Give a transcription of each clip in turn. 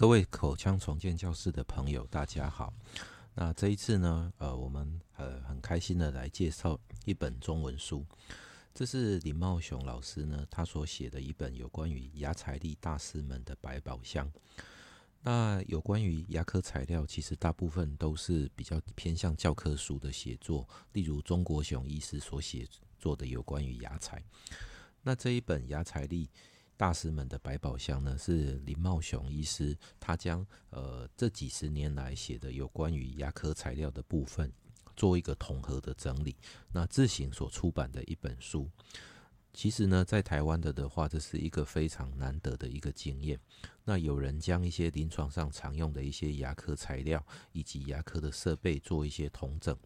各位口腔重建教室的朋友，大家好。那這一次呢，呃，我們呃很開心的來介紹一本中文書，這是林茂雄老師呢他所寫的一本有關於牙材力大師們的百寶箱。那有關於牙科材料，其實大部分都是比較偏向教科書的寫作，例如中國雄醫師所寫作的有關於牙材。那這一本牙材力大師們的百寶箱呢，是林茂雄醫師，他將呃這幾十年來寫的有關於牙科材料的部分，做一個統合的整理，那自行所出版的一本書。其實呢，在台灣的的話，這是一個非常難得的一個經驗。那有人將一些臨床上常用的一些牙科材料以及牙科的設備做一些統整。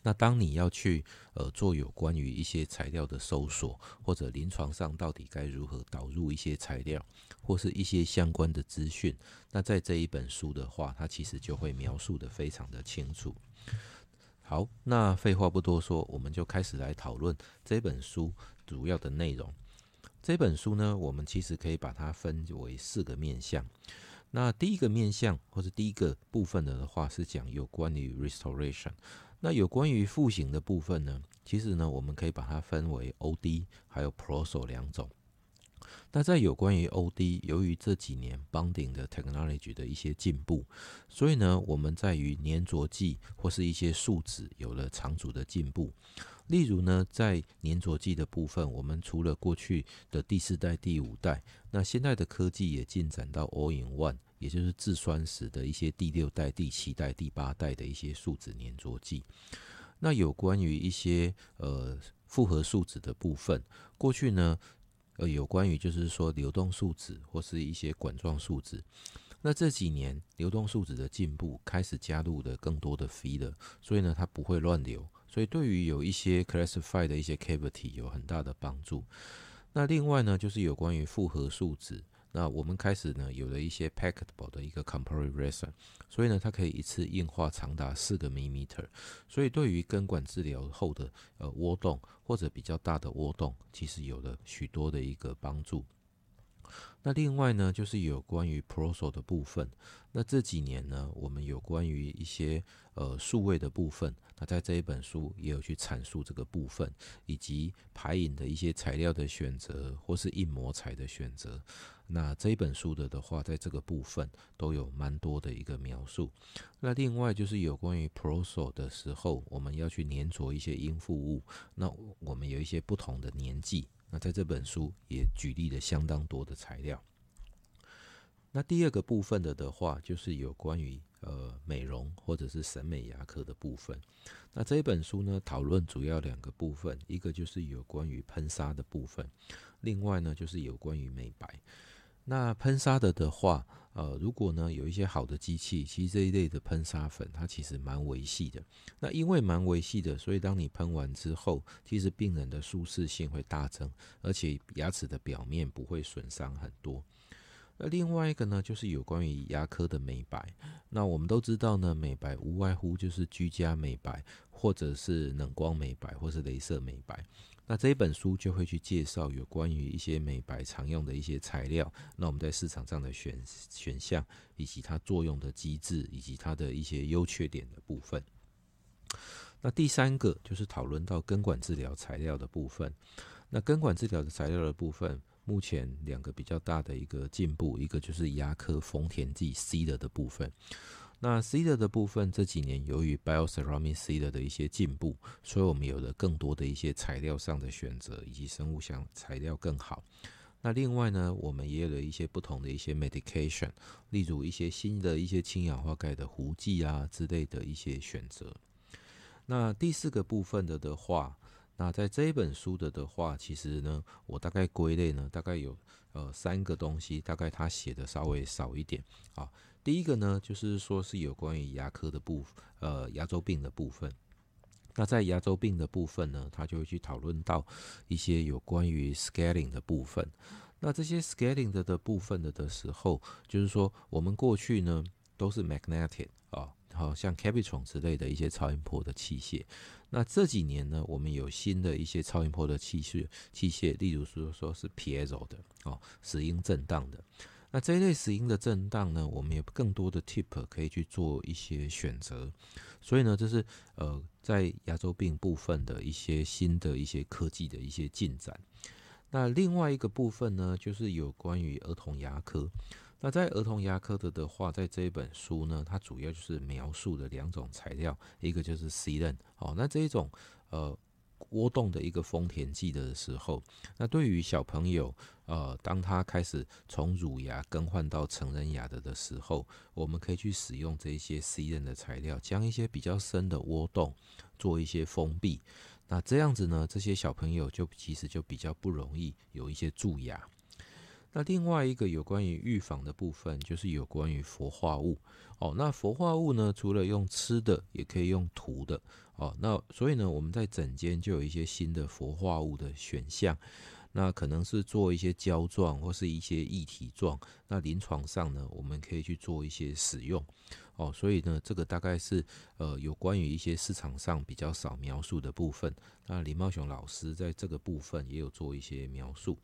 那當你要去呃做有關於一些材料的搜索，或者臨床上到底該如何導入一些材料，或是一些相關的資訊，那在這一本書的話，它其實就會描述得非常的清楚。好，那廢話不多說，我們就開始來討論這本書主要的內容。這本書呢，我們其實可以把它分為四個面向。那第一個面向，或是第一個部分的話，是講有關於 restoration。那有關於復形的部分呢，其實呢，我們可以把它分為 O D，還有 Proso 兩種。那在有關於 OD，由於這幾年 bonding 的 technology 的一些進步，所以呢，我們在於粘着劑或是一些樹脂有了長足的進步。例如呢，在粘着劑的部分，我們除了過去的第四代、第五代，那現在的科技也進展到 all in one，也就是自酸蝕的一些第六代、第七代、第八代的一些樹脂粘着劑。那有關於一些呃複合樹脂的部分，過去呢，呃，而有關於就是說流動樹脂或是一些管狀樹脂，那這幾年流動樹脂的進步開始加入了更多的 filler，所以呢，它不會亂流，所以對於有一些 classified 的一些 cavity 有很大的幫助。那另外呢，就是有關於複合樹脂。那我們開始呢，有了一些 packable 的一個 composite resin，所以呢，它可以一次硬化長達四個 millimeter，所以對於根管治療後的呃窩洞或者比較大的窩洞，其實有了許多的一個幫助。那另外呢，就是有關於 proso 的部分。那這幾年呢，我們有關於一些呃數位的部分，那在這一本書也有去闡述這個部分，以及排齦的一些材料的選擇或是印模材的選擇。那這本書的的話，在這個部分都有蠻多的一個描述。那另外就是有關於 Pros 的時候，我們要去粘着一些膺復物。那我們有一些不同的黏劑，那在這本書也舉例了相當多的材料。那第二個部分的的話，就是有關於呃美容或者是審美牙科的部分。那這本書呢，討論主要兩個部分，一個就是有關於噴砂的部分，另外呢就是有關於美白。那噴砂的的話，呃，如果呢有一些好的機器，其實這一類的噴砂粉它其實蠻微細的。那因為蠻微細的，所以當你噴完之後，其實病人的舒適性會大增，而且牙齒的表面不會損傷很多。那另外一個呢，就是有關於牙科的美白。那我們都知道呢，美白無外乎就是居家美白，或者是冷光美白，或是鐳射美白。那這一本書就會去介紹有關於一些美白常用的一些材料，那我們在市場上的選選項，以及它作用的機制，以及它的一些優缺點的部分。那第三個就是討論到根管治療材料的部分。那根管治療的材料的部分，目前兩個比較大的一個進步，一個就是牙科封填劑 C 的的部分。那 Sealer 的部分這幾年，由於 Bioceramic Sealer 的一些進步，所以我們有了更多的一些材料上的選擇，以及生物相材料更好。那另外呢，我們也有了一些不同的一些 Medication，例如一些新的一些氫氧化鈣的糊劑啊之類的一些選擇。那第四個部分的的話，那在這一本書的的話，其實呢，我大概歸類呢，大概有。呃，三個東西大概他寫的稍微少一點啊、哦。第一個呢，就是說是有關於牙科的部分，呃，牙周病的部分。那在牙周病的部分呢，他就會去討論到一些有關於 scaling 的部分。那這些 scaling 的的部分的的時候，就是說我們過去呢都是 magnetic 啊、哦。哦，像 Cavitron 之類的一些超音波的器械，那這幾年呢，我們有新的一些超音波的器械，器械，例如說說是 Piezo 的哦，石英震盪的。那這一類石英的震盪呢，我們有更多的 Tip 可以去做一些選擇。所以呢，這是呃，在牙周病部分的一些新的一些科技的一些進展。那另外一個部分呢，就是有關於兒童牙科。那在兒童牙科的的話，在這一本書呢，它主要就是描述的兩種材料，一個就是 Sealant 哦，那這一種呃窩洞的一個封填劑的時候，那對於小朋友呃，當他開始從乳牙更換到成人牙的的時候，我們可以去使用這一些 Sealant 的材料，將一些比較深的窩洞做一些封閉，那這樣子呢，這些小朋友就其實就比較不容易有一些蛀牙。那另外一個有關於預防的部分，就是有關於氟化物哦。那氟化物呢，除了用吃的，也可以用塗的哦。那所以呢，我們在診間就有一些新的氟化物的選項，那可能是做一些膠狀或是一些液體狀。那臨床上呢，我們可以去做一些使用哦。所以呢，這個大概是呃有關於一些市場上比較少描述的部分。那林茂雄老師在這個部分也有做一些描述。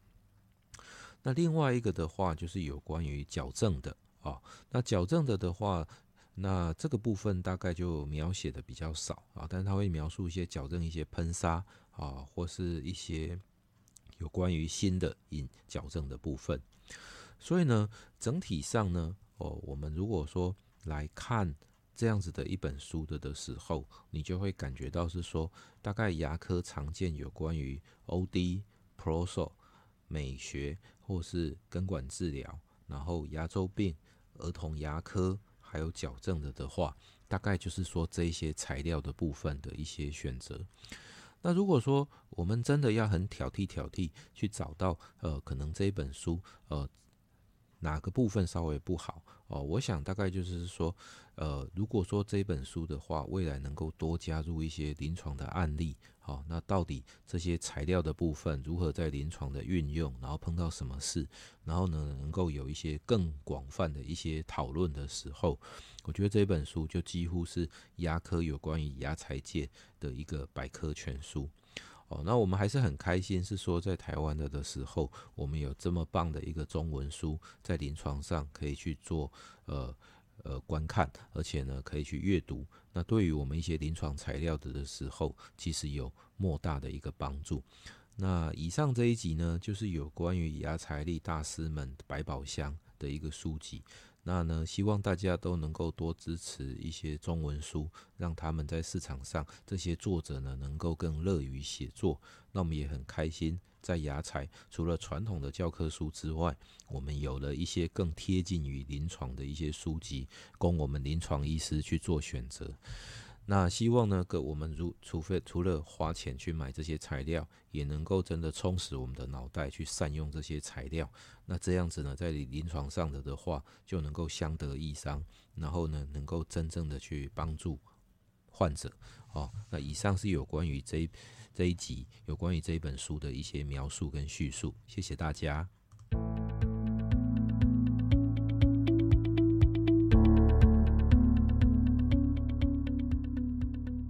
那另外一個的話，就是有關於矯正的啊、哦。那矯正的的話，那這個部分大概就描寫的比較少啊、哦，但是它會描述一些矯正一些噴砂啊，或是一些有關於新的隱矯正的部分。所以呢，整體上呢，哦，我們如果說來看這樣子的一本書的的時候，你就會感覺到是說，大概牙科常見有關於 OD Proso。美學，或是根管治療，然後牙周病、兒童牙科，還有矯正的的話，大概就是說這些材料的部分的一些選擇。那如果說我們真的要很挑剔、挑剔去找到，呃，可能這一本書，呃。哪個部分稍微不好哦？我想大概就是說，呃，如果說這本書的話，未來能夠多加入一些臨床的案例，好，哦，那到底這些材料的部分如何在臨床的運用，然後碰到什麼事，然後呢，能夠有一些更廣泛的一些討論的時候，我覺得這本書就幾乎是牙科有關於牙材界的一個百科全書。哦，那我們還是很開心，是說在台灣的的時候，我們有這麼棒的一個中文書，在臨床上可以去做，呃呃觀看，而且呢可以去閱讀。那對於我們一些臨床材料的的時候，其實有莫大的一個幫助。那以上這一集呢，就是有關於牙材力大師們百寶箱的一個書籍。那呢，希望大家都能夠多支持一些中文書，讓他們在市場上，這些作者呢能夠更樂於寫作。那我們也很開心，在牙材除了傳統的教科書之外，我們有了一些更貼近於臨床的一些書籍，供我們臨床醫師去做選擇。那希望呢，個我們如除非除了花錢去買這些材料，也能夠真的充實我們的腦袋，去善用這些材料。那這樣子呢，在臨床上的的話，就能夠相得益彰，然後呢，能夠真正的去幫助患者。哦，那以上是有關於這一這一集有關於這本書的一些描述跟敘述，謝謝大家。